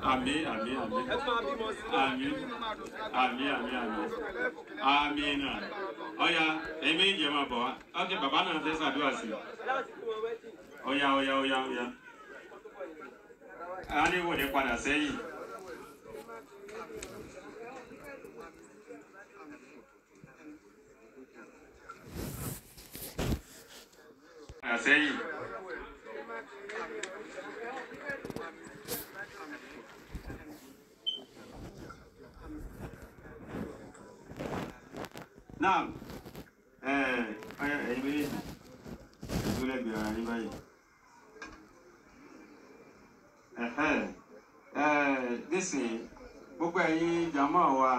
Ami Ami Ami Ami Ami Ami Ami Ami náà ọ̀ya ẹ̀mí ìjẹ́ máa ma wá ok bàbá náà fẹ́ ṣàdúrà Oya oya ọ̀ya ọ̀ya ọ̀ya ọ̀ya a ní na seyi! sẹ́yìn. náà eh, ẹ ẹ ẹyin méjèèjì ẹdúró lẹ́gbẹ̀ẹ́ ara yín báyìí ẹ ẹ dísìn gbogbo ẹyin jàmọ wa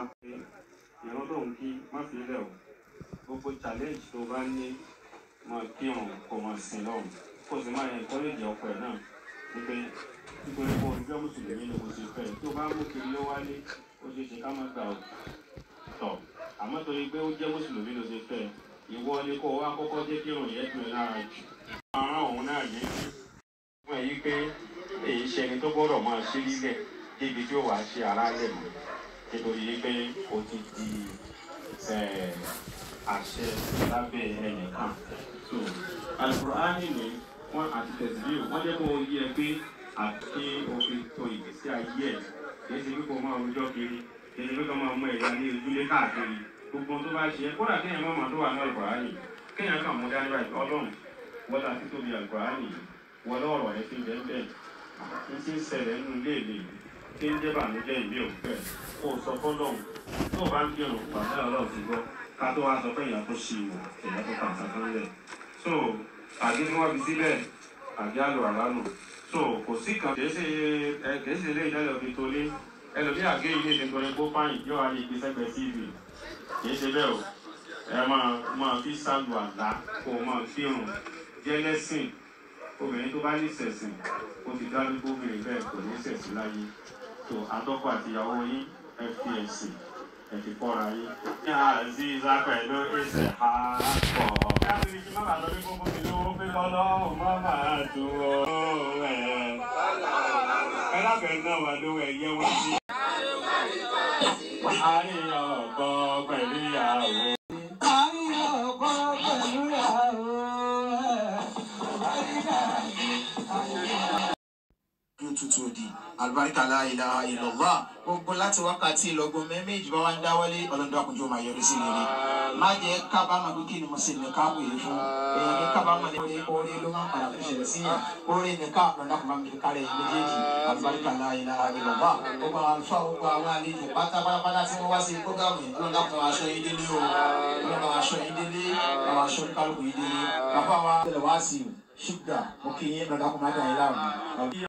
ìran tó ń kí má fi lẹ o gbogbo challenge tó bá ní máa kí òun kò máa sìn lọ kó o sì máa yẹn kọ́lẹ́jì ọkọ ẹ̀ náà wípé nítorí pé olùgbé mùsùlùmí ni mo ti fẹ́ tó bá mú kiri ló wálé ó ṣeé ṣe ká má gbà o torí pé ó jẹ́ mùsùlùmí ló ṣe fẹ́ ìwọ ni kó wá kọ́kọ́ jẹ́ kí ìròyìn ẹ̀dùn ẹ̀ lára jù. ara òun náà ní fún èyí pé èyí ṣẹni tó gbọ́dọ̀ máa ṣe lílẹ̀ débi tí ó wàá ṣe ara lẹ̀ mọ́ nítorí pé ó ti di àṣẹ lábẹ́ ẹnìkan. alukur'ani ni wọn àti tẹsíbí wọn jẹ́ kó o yẹ pé àti òfin tó ìgbésí ayé ẹ̀ kì í ṣe pé kó o máa rojọ́ kiri kì í ṣe pé o máa mú ẹ̀yà ní ojúlé káàkiri gbogbo tó bá ṣe kódà kéèyàn mọ̀mọ́ tó wà ní àlùkùránì kéèyàn kàn mú dání báyìí ọlọ́run wọ́n láti tóbi àlùkùránì wọ́n lọ́rọ̀ rẹ̀ ti bẹ́ẹ̀ bẹ́ẹ̀ n ti ń ṣẹlẹ̀ nínú ilé ìlú tí ń jẹ́ bàmídẹ́ ìlú òfẹ́ kó o sọ fọ́lọ́run tó o bá ń kírun pàṣẹ ọlọ́run ti gbọ́ ká tó wá sọ pé èèyàn tó ṣe ìwọ̀ èèyàn tó kàn sàkán lẹ̀ so àbí ni wọ́n fi sílẹ̀ àbí àlò àlálò so kò sí kan kèé ṣe kèé ṣe ilé ẹlòmíà gé ilé nítorí pé pààyàn yóò wá yí ìgbésẹ̀gbẹ̀ tv kì í ṣe bẹ́ẹ̀ o ẹ máa máa fi ṣàlù àlá kó o máa fi rùn jẹ́lẹ́sìn obìnrin tó bá ní ìṣẹ̀sìn ó ti dá wípé obìnrin bẹ́ẹ̀ kò ní ìṣẹ̀sìn láyé tó àtọ́kọ àtìyàwó yín ẹ ẹ fi kọ́ra yín. ní àzí ìzá pẹ̀lú èsì àpọ̀. káàkiri kí má bàa gbogbo mi lówó pé lọ́lọ́run má bàa dùn ọ́ ẹ̀. I do wà lówó ẹ̀yẹ́ wọn sí. àárín àwọn. tútù di alibarika la ilaha illallah gbogbo láti wákàtí ìlọgbọn mẹ́mẹ́jì bá wá ń dáwọ́lé ọlọ́dúnrún máa yọrí sí rere má jẹ́ kábàámọ̀ pé kí ni mo ṣe nìka wò yìí fún èèyàn ní kábàámọ̀ lè pé orí ló máa ń padà fún ìṣẹ̀lẹ̀ sí yàn orí nìka ọlọ́dúnrún máa ń fi kárẹ̀ yìí méjèèjì alibarika la ilaha illallah gbogbo àwọn àlùfáà gbogbo àwọn àlejò pátápátá tí wọ́n wá sí gbọ́gàmù yìí ọlọ́dúnrún aṣọ yìí délé o ọlọ́dúnrún aṣọ yìí délé àwọn yìí délé bàbá wa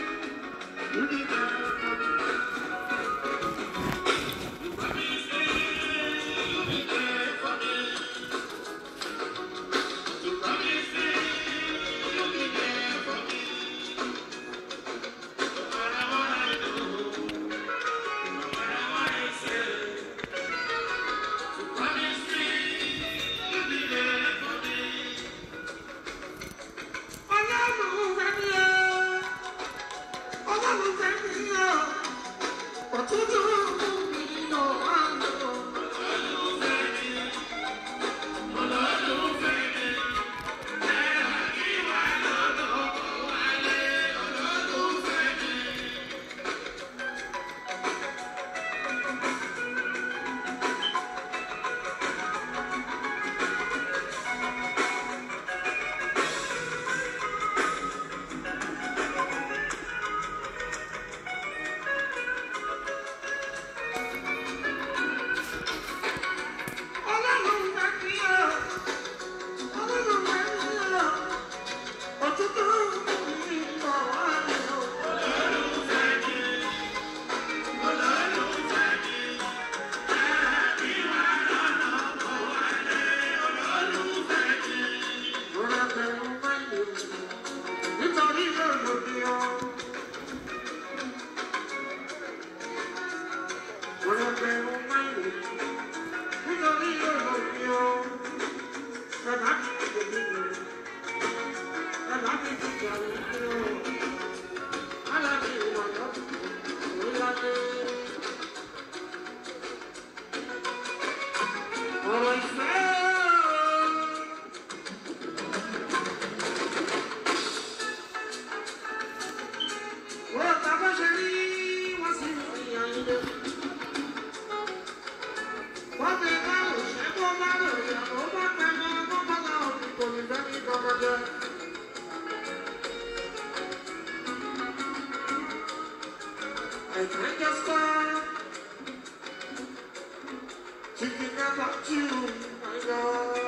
Thank you. I us make a star. Thinking about you, my love.